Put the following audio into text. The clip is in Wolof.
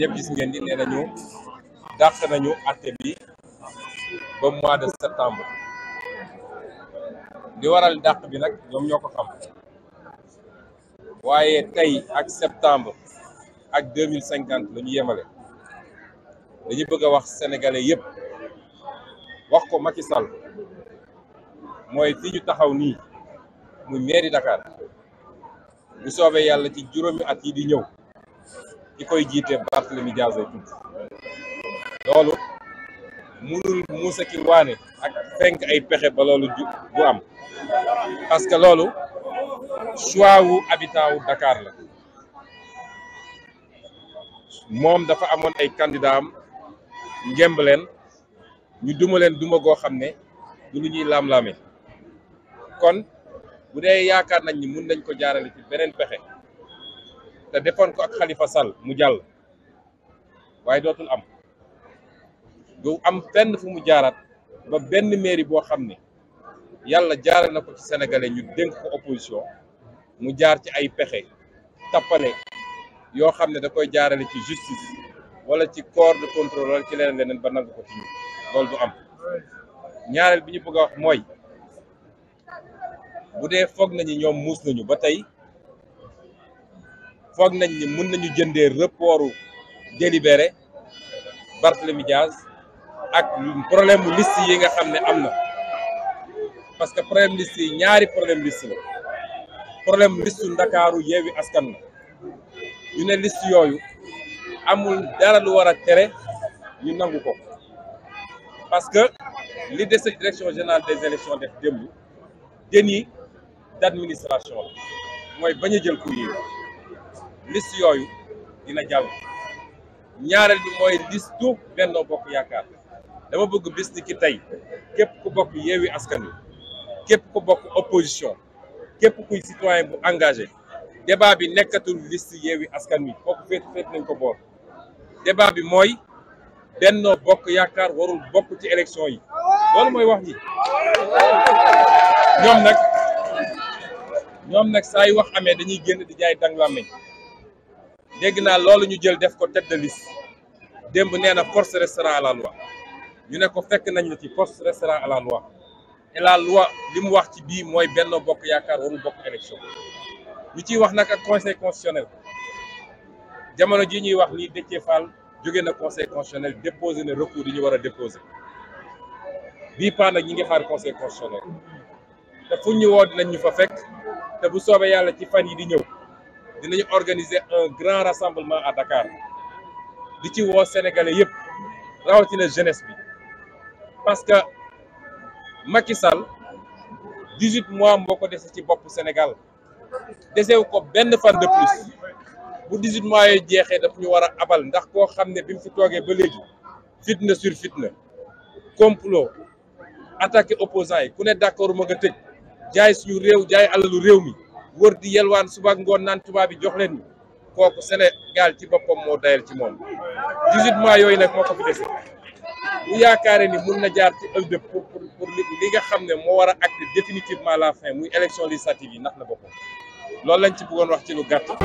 yéen gis ngeen ni nee nañu dàq nañu àtte bi ba mois de septembre li waral dàq bi nag ñoom ñoo ko xam waaye tey ak septembre ak deux cinquante la ñu yemale dañu bëgg a wax sénégalais yëpp wax ko Macky Sall mooy fi ñu taxaw nii muy mairie Dakar bu soobee yàlla ci juróomi at yi di ñëw. ki koy jiite Barthélémy Dias ay tudd loolu mënul Moussa Kirwane ak fenk ay pexe ba loolu du am parce que loolu choix wu habitant wu Dakar la moom dafa amoon ay candidat am ngemb leen ñu duma leen duma goo xam ne du lu ñuy laam-laame kon bu dee yaakaar nañ ni mun nañ ko jaarale ci beneen pexe te defoon ko ak Khalifa Sall mu jàll waaye dootul am du am fenn fu mu jaaraat ba benn mairie boo xam ne yàlla jaare na ko ci sénégalais ñu dénk ko opposition mu jaar ci ay pexe tappale yoo xam ne da koy jaarale ci justice wala ci corps de contrôle wala ci leneen leneen ba nangu ko ci ñu du am ñaareel bi ñu bëgg a wax mooy bu dee foog nañu ñoom muus nañu ba tey foog nañ ni mun nañu jëndee reportu délibéré Barthélemy Diaz ak problème mu liste yi nga xam ne am na parce que problème liste yi ñaari problème liste la problème listu ndakaaru yeewi askan la ñu ne liste yooyu amul dara lu war a tere ñu nangu ko parce que li dese direction générale des élections def démb déni d'administration la mooy bañ a jël courrier liste yooyu dina jàll ñaareel bi mooy listu Benno Bokk Yaakaar dama bëgg bis ni ki tey képp ku bokk Yewwi Askan Wi képp ku bokk opposition képp kuy citoyen bu engagé débat bi nekkatul liste Yewwi Askan Wi kooku féet féet nañ ko boor débat bi mooy Benno Bokk Yaakaar warul bokk ci élection yi loolu mooy wax ji ñoom nag ñoom nag saa yu wax amee dañuy génn di jaay dang làmmiñ dégg naa loolu ñu jël def ko tête de démb nee na force restera à la ñu ne ko fekk nañu ci force restera à la loi et loi li mu wax ci bii mooy benn Bokk Yaakaar warul bokk élection ñu ciy wax nag ak conseil constitutionnel jamono jii ñuy wax nii Déthié Fall jóge na conseil constitutionnel déposé na recours yi ñu war a déposé bii paa nag ñi ngi xaar conseil constitutionnel te fu ñu woo dinañ ñu fa fekk te bu soobee yàlla ci fan yi di ñëw dinañu organiser un grand rassemblement à Dakar di ci woo sénégalais yëpp rawatina jeunesse bi parce que Macky Sall 18 mois moo ko dese ci bopp Sénégal desewu ko benn fan de plus bu 18 mois yooyu jeexee daf ñu war a abal ndax koo xam ne bim mu fi toogee ba léegi fitna sur fitna complot attaqué opposants yi ku ne d'accord ma nga tëj jaay suñu réew jaay alalu réew mi. wër di yelwaan subaak ngoon naan tubaab bi jox leen kooku Sénégal ci boppam moo dayal ci moom 18 mois yooyu nag moo ko fi dese bu yaakaaree ni mun na jaar ci ëllëg pour pour pour li nga xam ne moo war a acter définitivement la fin muy élection législative yi ndax na boppam loolu lañ ci bëggoon wax ci lu gàtt.